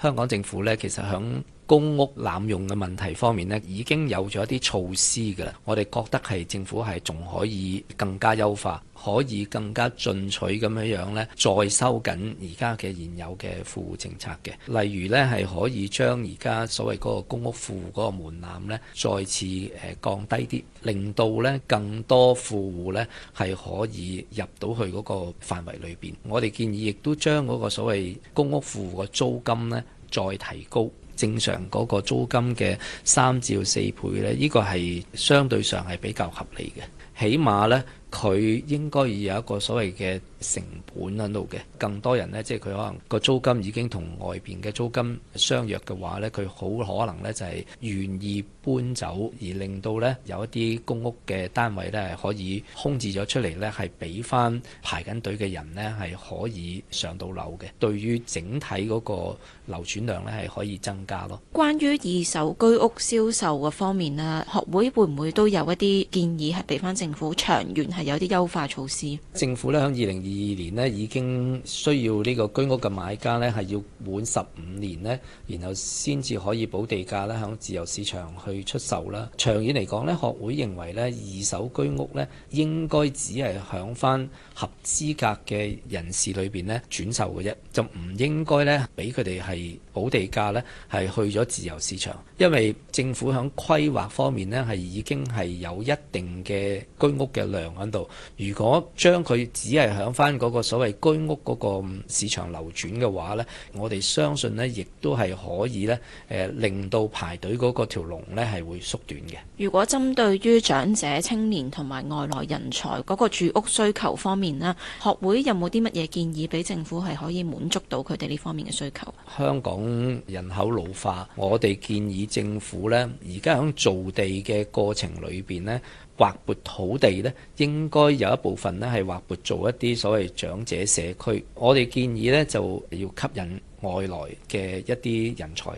香港政府呢，其實響公屋濫用嘅問題方面呢，已經有咗一啲措施嘅啦。我哋覺得係政府係仲可以更加優化。可以更加進取咁樣樣咧，再收緊而家嘅現有嘅富戶政策嘅，例如咧係可以將而家所謂嗰個公屋富戶嗰個門檻咧，再次誒降低啲，令到咧更多富戶咧係可以入到去嗰個範圍裏邊。我哋建議亦都將嗰個所謂公屋富戶嘅租金咧再提高，正常嗰個租金嘅三至四倍咧，呢個係相對上係比較合理嘅，起碼咧。佢應該要有一個所謂嘅成本喺度嘅，更多人呢，即係佢可能個租金已經同外邊嘅租金相若嘅話呢，佢好可能呢就係願意搬走，而令到呢有一啲公屋嘅單位呢係可以空置咗出嚟呢係俾翻排緊隊嘅人呢係可以上到樓嘅。對於整體嗰個流轉量呢係可以增加咯。關於二手居屋銷售嘅方面呢，學會會唔會都有一啲建議係俾翻政府長遠？係有啲優化措施。政府咧喺二零二二年咧已經需要呢個居屋嘅買家咧係要滿十五年咧，然後先至可以補地價啦，響自由市場去出售啦。長遠嚟講咧，學會認為咧二手居屋咧應該只係響翻合資格嘅人士裏邊咧轉售嘅啫。就唔應該咧，俾佢哋係補地價咧，係去咗自由市場，因為政府響規劃方面咧，係已經係有一定嘅居屋嘅量喺度。如果將佢只係響翻嗰個所謂居屋嗰個市場流轉嘅話咧，我哋相信咧，亦都係可以咧，誒令到排隊嗰個條龍咧，係會縮短嘅。如果針對於長者、青年同埋外來人才嗰個住屋需求方面咧，學會有冇啲乜嘢建議俾政府係可以滿？捉到佢哋呢方面嘅需求。香港人口老化，我哋建議政府呢，而家喺造地嘅過程裏邊呢，劃撥土地呢，應該有一部分呢係劃撥做一啲所謂長者社區，我哋建議呢就要吸引外來嘅一啲人才。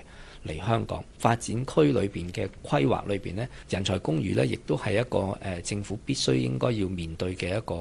嚟香港發展區裏邊嘅規劃裏邊呢，人才公寓呢，亦都係一個誒政府必須應該要面對嘅一個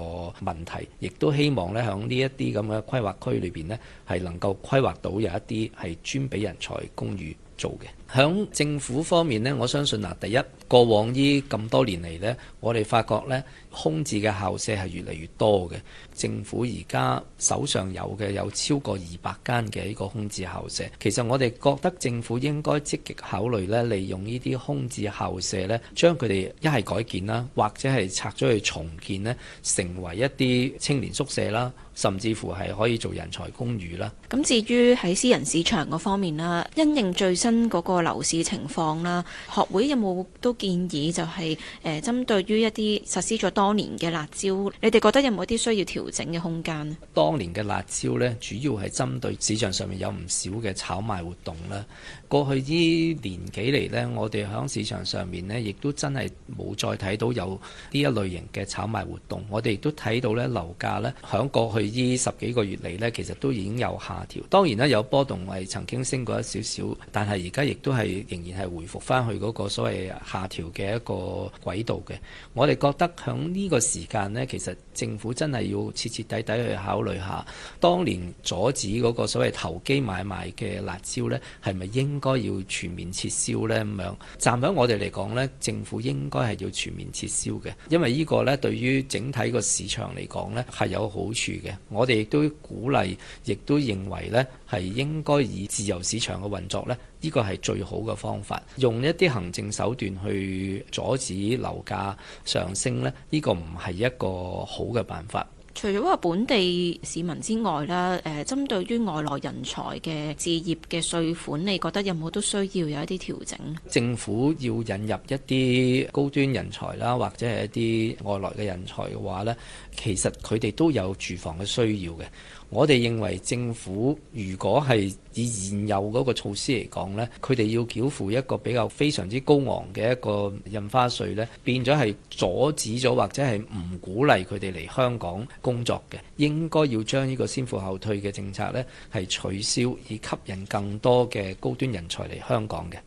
問題，亦都希望呢，喺呢一啲咁嘅規劃區裏邊呢，係能夠規劃到有一啲係專俾人才公寓做嘅。喺政府方面呢，我相信嗱，第一，過往呢咁多年嚟呢，我哋發覺呢。空置嘅校舍係越嚟越多嘅，政府而家手上有嘅有超過二百間嘅呢個空置校舍。其實我哋覺得政府應該積極考慮咧，利用呢啲空置校舍咧，將佢哋一係改建啦，或者係拆咗去重建咧，成為一啲青年宿舍啦，甚至乎係可以做人才公寓啦。咁至於喺私人市場嗰方面啦，因應最新嗰個樓市情況啦，學會有冇都建議就係誒針對於一啲實施咗多年嘅辣招，你哋覺得有冇一啲需要調整嘅空間咧？當年嘅辣招咧，主要係針對市場上面有唔少嘅炒賣活動啦。過去呢年幾嚟咧，我哋響市場上面咧，亦都真係冇再睇到有呢一類型嘅炒賣活動。我哋亦都睇到咧樓價咧，響過去呢十幾個月嚟咧，其實都已經有下調。當然啦，有波動係曾經升過一少少，但係而家亦都係仍然係回復翻去嗰個所謂下調嘅一個軌道嘅。我哋覺得響呢個時間呢，其實政府真係要徹徹底底去考慮下，當年阻止嗰個所謂投機買賣嘅辣招呢，係咪應該要全面撤銷呢？咁樣站喺我哋嚟講呢，政府應該係要全面撤銷嘅，因為呢個呢，對於整體個市場嚟講呢，係有好處嘅。我哋亦都鼓勵，亦都認為呢，係應該以自由市場嘅運作呢。呢個係最好嘅方法，用一啲行政手段去阻止樓價上升咧，呢個唔係一個好嘅辦法。除咗話本地市民之外啦，誒，針對於外來人才嘅置業嘅稅款，你覺得有冇都需要有一啲調整？政府要引入一啲高端人才啦，或者係一啲外來嘅人才嘅話呢，其實佢哋都有住房嘅需要嘅。我哋認為政府如果係以現有嗰個措施嚟講，呢佢哋要繳付一個比較非常之高昂嘅一個印花稅，呢變咗係阻止咗或者係唔鼓勵佢哋嚟香港工作嘅。應該要將呢個先付後退嘅政策呢係取消，以吸引更多嘅高端人才嚟香港嘅。